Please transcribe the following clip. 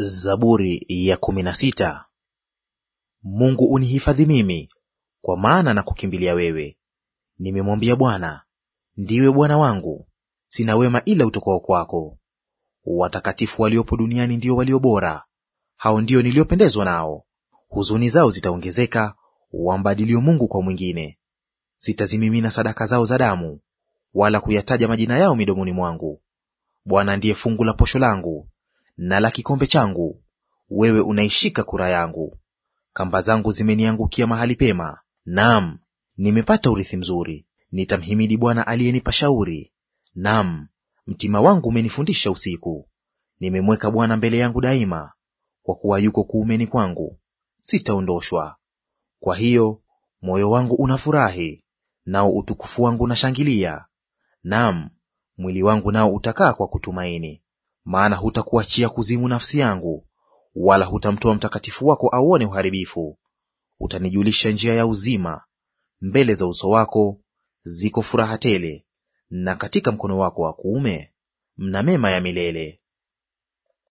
Zaburi ya kumi na sita. Mungu unihifadhi mimi, kwa maana na kukimbilia wewe. Nimemwambia Bwana, ndiwe Bwana wangu, sina wema ila utokao kwako. Watakatifu waliopo duniani ndio walio bora, hao ndio niliopendezwa nao. Huzuni zao zitaongezeka, wambadilio Mungu kwa mwingine. Sitazimimina sadaka zao za damu, wala kuyataja majina yao midomoni mwangu. Bwana ndiye fungu la posho langu na la kikombe changu, wewe unaishika kura yangu. Kamba zangu zimeniangukia mahali pema, naam, nimepata urithi mzuri. Nitamhimidi Bwana aliyenipa shauri, naam, mtima wangu umenifundisha usiku. Nimemweka Bwana mbele yangu daima, kwa kuwa yuko kuumeni kwangu, sitaondoshwa. Kwa hiyo moyo wangu unafurahi, nao utukufu wangu unashangilia, naam, mwili wangu nao utakaa kwa kutumaini maana hutakuachia kuzimu nafsi yangu, wala hutamtoa mtakatifu wako auone uharibifu. Utanijulisha njia ya uzima, mbele za uso wako ziko furaha tele, na katika mkono wako wa kuume mna mema ya milele.